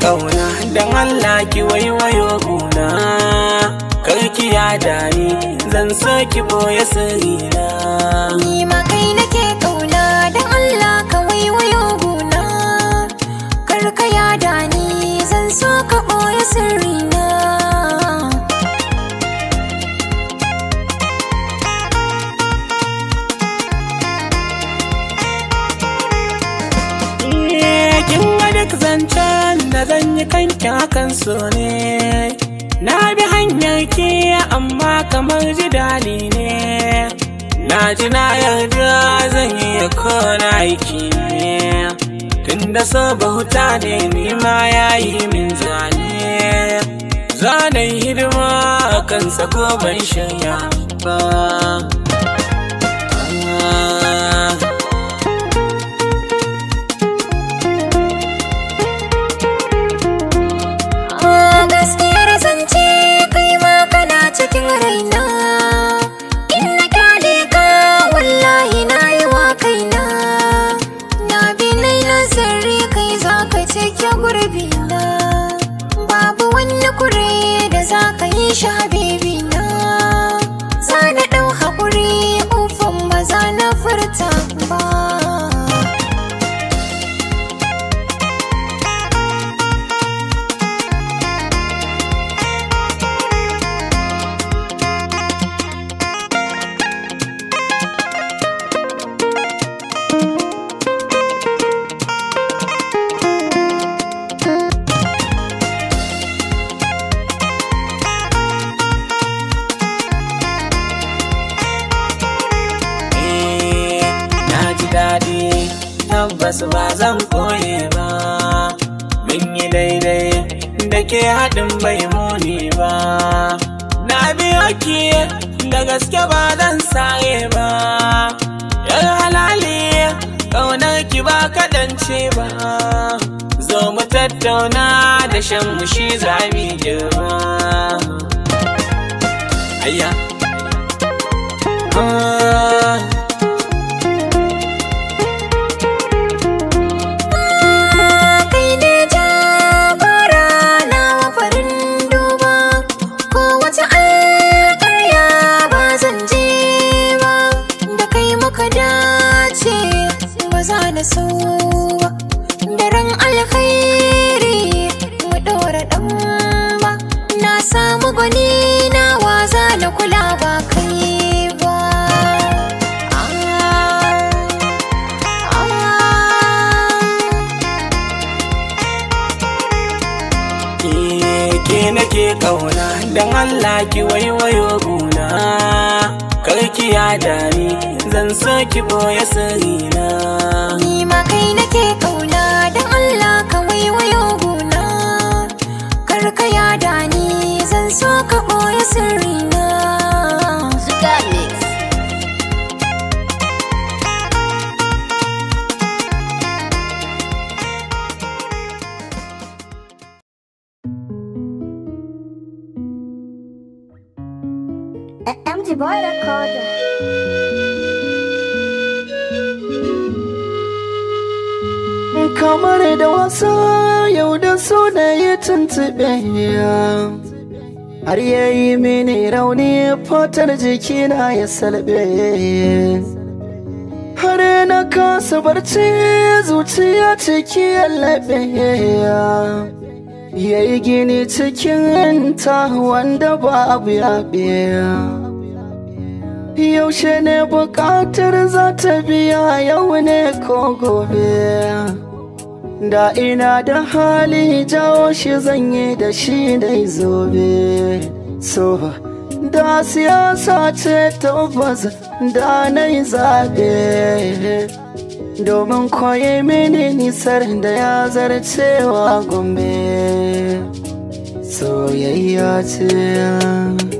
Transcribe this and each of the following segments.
ƙauna don Allah ki waiwayo ƙuna ki ya dani zan so ki boye sirrina cikin hakan so ne na bi hanyar ke amma kamar ji jidali ne na ji na yarda zan yi ya kona aiki ne tun da so bauta ne nima ya yi min zane zanen hidima a kansa ko ban shirya ba tabbas ba zan koye ba mun yi daidai da ke haɗin bai muni ba na biyo ki da gaske ba zan saye ba yar halali ƙaunar ki ba kaɗance ba zo mu tattauna da shan mushi girma. kula ba kai ba Ke nake ƙauna don Allah ki waiwayo guna ki ya dani zan so ki boye sirina Ni ma kai nake ƙauna don Allah ka waiwayo guna Karka ya dani zan so ka boye sirina de boa Kamar da wasa yau da da ya tuntube har ya yi mini rauni fatar jikina ya salbe har na kasa barci zuciya ciki ya labe ya yi gini cikin ta wanda babu ya biya yaushe ne buƙatar za ta biya yau ne ko gobe da ina da hali jawo shi zanye da shi dai zobe so da siyasa ce tabbas da na yi zaɓe domin koyi mini nisar da ya zarcewa gombe soyayya ce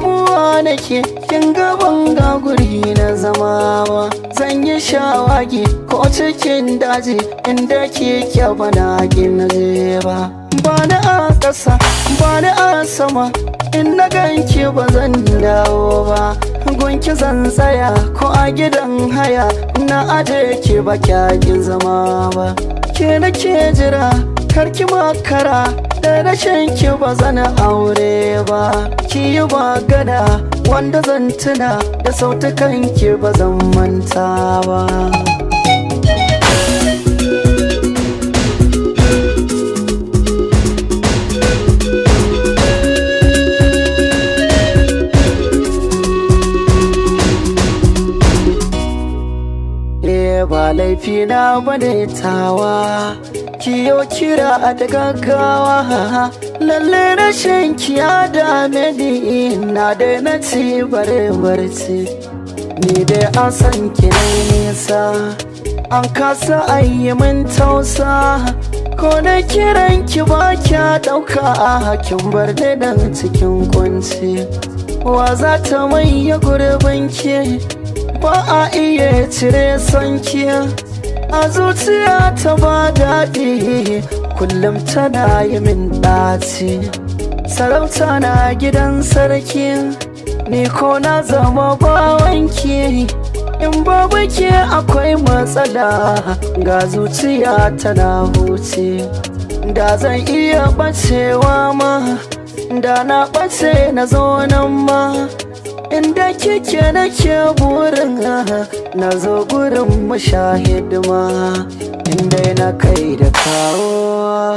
damuwa nake kin gaban ga gurgi na zama ba zan yi shawagi ko cikin daji inda ke kyaba na gina ba ba na a ƙasa ba na a sama in na ganki ba zan dawo ba gunki zan tsaya ko a gidan haya na aje ke ba kyakin zama ba ke nake jira karki makara da rashin ki ba zana aure ba ki yi gada wanda zan tuna da sautukan ki ba zan manta ba ba laifi na bane tawa kiyo kira a da gaggawa lalle rashin kiya da ni na daina ci bare barci ni dai an san ki nisa an kasa ayi min tausa ko na kiran ki ba kya dauka a hakin bar cikin kunci wa za ta manya gurbin ki ba a iya cire sankiya a zuciya ta ba daɗi kullum tana yi min ɗaci sarauta na gidan sarki ni ko na zama bawanki in ba ke akwai matsala ga zuciya tana huce da zan iya ɓacewa ma da na ɓace na zo nan ma inda kike nake burin na zo gurin mu mushahidima inda na kai da kawo